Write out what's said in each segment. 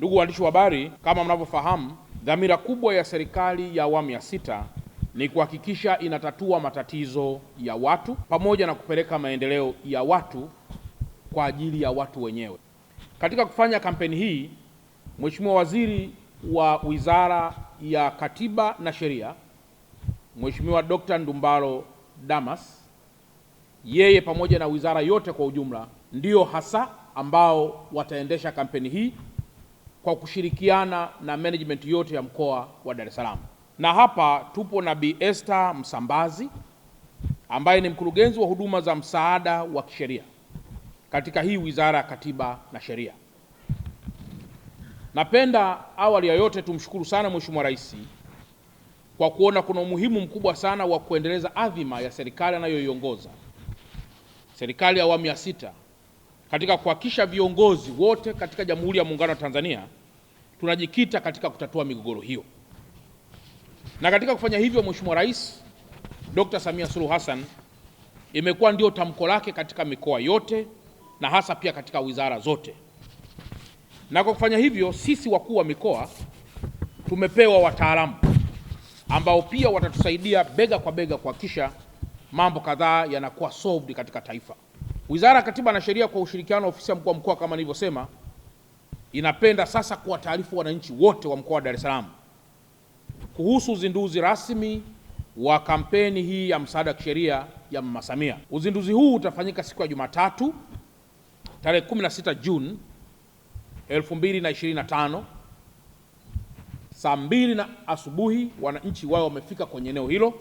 Ndugu waandishi wa habari, kama mnavyofahamu, dhamira kubwa ya serikali ya awamu ya sita ni kuhakikisha inatatua matatizo ya watu pamoja na kupeleka maendeleo ya watu kwa ajili ya watu wenyewe. Katika kufanya kampeni hii, Mheshimiwa Waziri wa Wizara ya Katiba na Sheria, Mheshimiwa Dr. Ndumbaro Damas, yeye pamoja na wizara yote kwa ujumla, ndio hasa ambao wataendesha kampeni hii kwa kushirikiana na management yote ya mkoa wa Dar es Salaam. Na hapa tupo na Bi Esther Msambazi ambaye ni mkurugenzi wa huduma za msaada wa kisheria katika hii Wizara ya Katiba na Sheria. Napenda awali ya yote tumshukuru sana Mheshimiwa Rais kwa kuona kuna umuhimu mkubwa sana wa kuendeleza adhima ya serikali anayoiongoza serikali ya awamu ya sita katika kuhakikisha viongozi wote katika Jamhuri ya Muungano wa Tanzania tunajikita katika kutatua migogoro hiyo, na katika kufanya hivyo, Mheshimiwa Rais Dr. Samia Suluhu Hassan imekuwa ndio tamko lake katika mikoa yote na hasa pia katika wizara zote. Na kwa kufanya hivyo, sisi wakuu wa mikoa tumepewa wataalamu ambao pia watatusaidia bega kwa bega kuhakikisha mambo kadhaa yanakuwa solved katika taifa. Wizara ya Katiba na Sheria kwa ushirikiano wa ofisi ya mkuu wa mkoa kama nilivyosema, inapenda sasa kuwataarifu wananchi wote wa mkoa wa Dar es Salaam kuhusu uzinduzi rasmi wa kampeni hii ya msaada wa kisheria ya Mama Samia. Uzinduzi huu utafanyika siku ya Jumatatu tarehe 16 Juni 2025 saa mbili na asubuhi, wananchi wao wamefika kwenye eneo hilo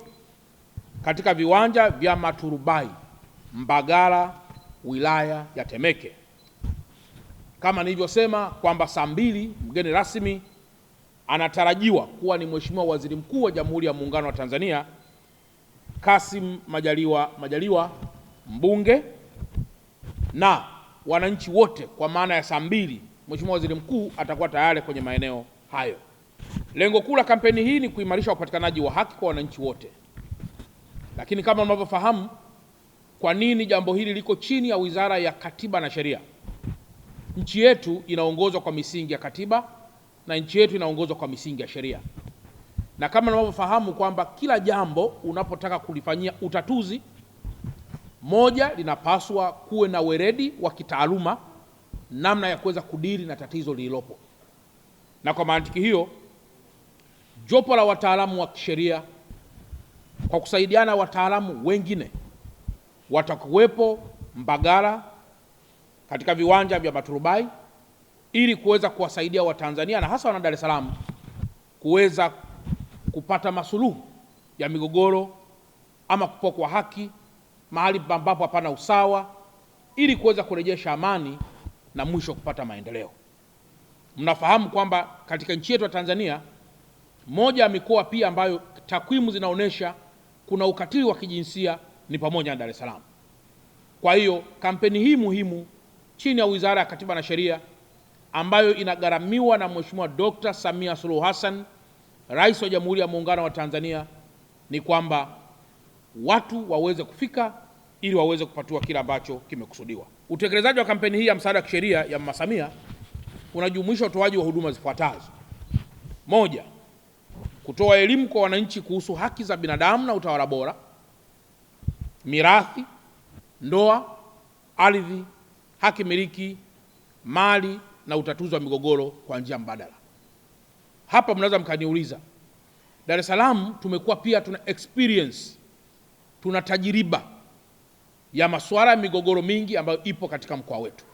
katika viwanja vya Maturubai, Mbagala wilaya ya Temeke. Kama nilivyosema kwamba saa mbili mgeni rasmi anatarajiwa kuwa ni Mheshimiwa Waziri Mkuu wa Jamhuri ya Muungano wa Tanzania Kassim Majaliwa Majaliwa, mbunge na wananchi wote, kwa maana ya saa mbili Mheshimiwa Waziri Mkuu atakuwa tayari kwenye maeneo hayo. Lengo kuu la kampeni hii ni kuimarisha upatikanaji wa haki kwa wananchi wote, lakini kama mnavyofahamu kwa nini jambo hili liko chini ya Wizara ya Katiba na Sheria? Nchi yetu inaongozwa kwa misingi ya katiba na nchi yetu inaongozwa kwa misingi ya sheria, na kama unavyofahamu kwamba kila jambo unapotaka kulifanyia utatuzi, moja, linapaswa kuwe na weredi wa kitaaluma, namna ya kuweza kudiri na tatizo lililopo, na kwa mantiki hiyo jopo la wataalamu wa kisheria kwa kusaidiana wataalamu wengine watakuwepo Mbagala katika viwanja vya Maturubai ili kuweza kuwasaidia Watanzania na hasa wana Dar es Salaam kuweza kupata masuluhu ya migogoro ama kupokwa haki mahali ambapo hapana usawa ili kuweza kurejesha amani na mwisho kupata maendeleo. Mnafahamu kwamba katika nchi yetu ya Tanzania, moja ya mikoa pia ambayo takwimu zinaonyesha kuna ukatili wa kijinsia ni pamoja na Dar es Salaam. Kwa hiyo kampeni hii muhimu chini ya Wizara ya Katiba na Sheria ambayo inagharamiwa na Mheshimiwa Dr. Samia Suluhu Hassan, Rais wa Jamhuri ya Muungano wa Tanzania, ni kwamba watu waweze kufika ili waweze kupatiwa kile ambacho kimekusudiwa. Utekelezaji wa kampeni hii ya msaada wa kisheria ya Mama Samia unajumuisha utoaji wa huduma zifuatazo: moja, kutoa elimu kwa wananchi kuhusu haki za binadamu na utawala bora mirathi, ndoa, ardhi, haki miliki, mali na utatuzi wa migogoro kwa njia mbadala. Hapa mnaweza mkaniuliza, Dar es Salaam tumekuwa pia tuna experience, tuna tajiriba ya masuala ya migogoro mingi ambayo ipo katika mkoa wetu.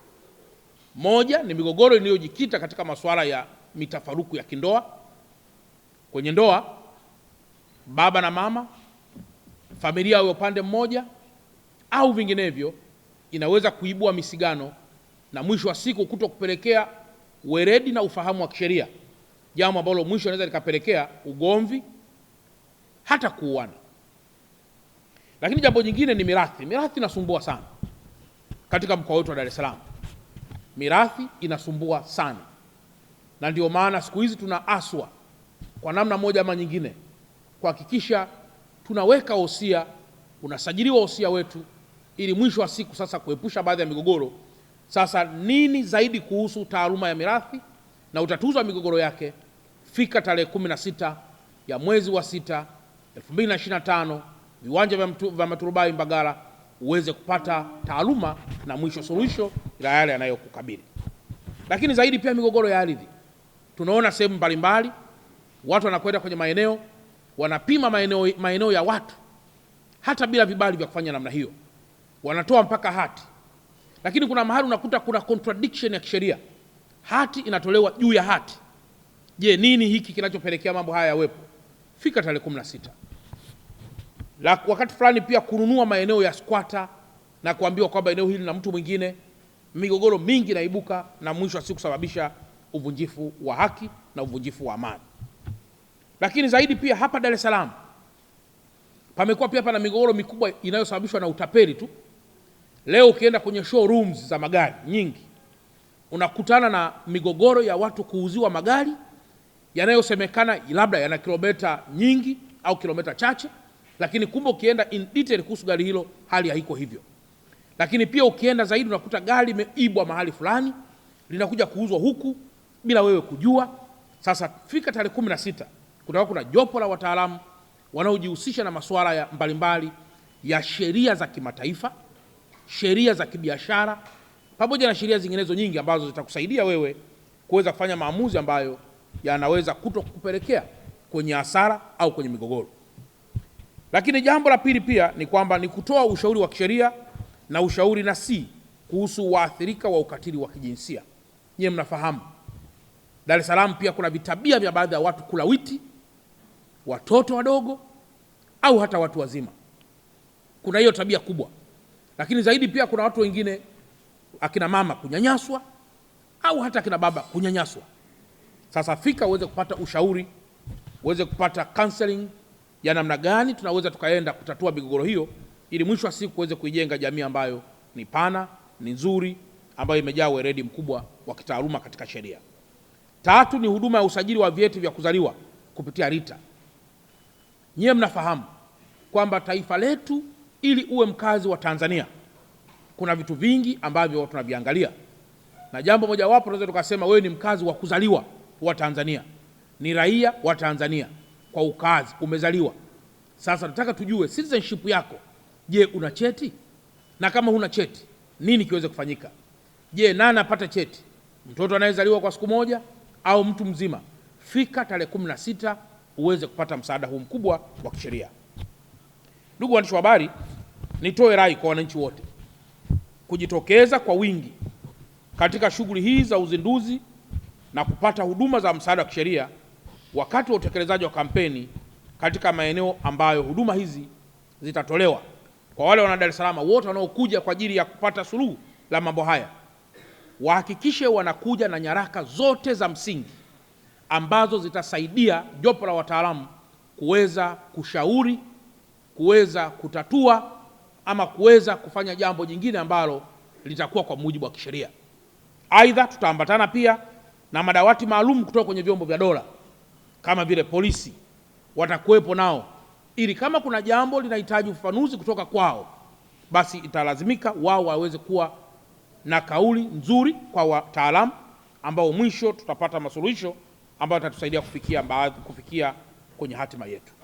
Moja ni migogoro iliyojikita katika masuala ya mitafaruku ya kindoa, kwenye ndoa baba na mama familia ya upande mmoja au vinginevyo inaweza kuibua misigano na mwisho wa siku kuto kupelekea weredi na ufahamu wa kisheria, jambo ambalo mwisho anaweza likapelekea ugomvi hata kuuana. Lakini jambo jingine ni mirathi. Mirathi inasumbua sana katika mkoa wetu wa Dar es Salaam, mirathi inasumbua sana, na ndio maana siku hizi tuna aswa kwa namna moja ama nyingine kuhakikisha tunaweka wosia, unasajiliwa wosia wetu, ili mwisho wa siku sasa kuepusha baadhi ya migogoro. Sasa nini zaidi kuhusu taaluma ya mirathi na utatuzi wa migogoro yake? Fika tarehe sita ya mwezi wa sita 2025, viwanja vya, vya Maturubai Mbagala, uweze kupata taaluma na mwisho suluhisho la yale yanayokukabili. Lakini zaidi pia migogoro ya ardhi, tunaona sehemu mbalimbali watu wanakwenda kwenye maeneo wanapima maeneo, maeneo ya watu hata bila vibali vya kufanya namna hiyo, wanatoa mpaka hati. Lakini kuna mahali unakuta kuna contradiction ya kisheria, hati inatolewa juu ya hati. Je, nini hiki kinachopelekea mambo haya yawepo? Fika tarehe kumi na sita la wakati fulani pia kununua maeneo ya squatter na kuambiwa kwamba eneo hili na mtu mwingine, migogoro mingi inaibuka na mwisho wa siku kusababisha uvunjifu wa haki na uvunjifu wa amani. Lakini zaidi pia hapa Dar es Salaam pamekuwa pia pana migogoro mikubwa inayosababishwa na utapeli tu. Leo ukienda kwenye showrooms za magari nyingi unakutana na migogoro ya watu kuuziwa magari yanayosemekana labda yana kilomita nyingi au kilomita chache, lakini kumbe ukienda in detail kuhusu gari hilo hali haiko hivyo. Lakini pia ukienda zaidi unakuta gari limeibwa mahali fulani linakuja kuuzwa huku bila wewe kujua. Sasa fika tarehe kumi na sita kutakuwa kuna jopo la wataalamu wanaojihusisha na masuala ya mbalimbali ya sheria za kimataifa, sheria za kibiashara, pamoja na sheria zinginezo nyingi ambazo zitakusaidia wewe kuweza kufanya maamuzi ambayo yanaweza kuto kupelekea kwenye hasara au kwenye migogoro. Lakini jambo la pili pia ni kwamba ni kutoa ushauri wa kisheria na ushauri si kuhusu waathirika wa ukatili wa kijinsia. Nyie mnafahamu Dar es Salaam pia kuna vitabia vya baadhi ya watu kulawiti watoto wadogo au hata watu wazima. Kuna hiyo tabia kubwa, lakini zaidi pia kuna watu wengine, akina mama kunyanyaswa au hata akina baba kunyanyaswa. Sasa fika uweze kupata ushauri, uweze kupata counseling ya namna gani tunaweza tukaenda kutatua migogoro hiyo, ili mwisho wa siku uweze kuijenga jamii ambayo ni pana, ni nzuri, ambayo imejaa weledi mkubwa wa kitaaluma katika sheria. Tatu ni huduma ya usajili wa vyeti vya kuzaliwa kupitia RITA. Nyiwe mnafahamu kwamba taifa letu, ili uwe mkazi wa Tanzania, kuna vitu vingi ambavyo tunaviangalia, na jambo mojawapo tunaweza tukasema wewe ni mkazi wa kuzaliwa wa Tanzania, ni raia wa Tanzania kwa ukazi, umezaliwa. Sasa nataka tujue citizenship yako. Je, una cheti? Na kama huna cheti, nini kiweze kufanyika? Je, nani apata cheti? Mtoto anayezaliwa kwa siku moja au mtu mzima? Fika tarehe kumi na sita uweze kupata msaada huu mkubwa wa kisheria. Ndugu waandishi wa habari, nitoe rai kwa wananchi wote kujitokeza kwa wingi katika shughuli hii za uzinduzi na kupata huduma za msaada wa kisheria wakati wa utekelezaji wa kampeni katika maeneo ambayo huduma hizi zitatolewa. Kwa wale wana Dar es Salaam wote wanaokuja kwa ajili ya kupata suluhu la mambo haya, wahakikishe wanakuja na nyaraka zote za msingi ambazo zitasaidia jopo la wataalamu kuweza kushauri, kuweza kutatua ama kuweza kufanya jambo jingine ambalo litakuwa kwa mujibu wa kisheria. Aidha, tutaambatana pia na madawati maalum kutoka kwenye vyombo vya dola kama vile polisi, watakuwepo nao, ili kama kuna jambo linahitaji ufafanuzi kutoka kwao, basi italazimika wao waweze kuwa na kauli nzuri kwa wataalamu ambao mwisho tutapata masuluhisho ambayo atatusaidia kufikia, kufikia kwenye hatima yetu.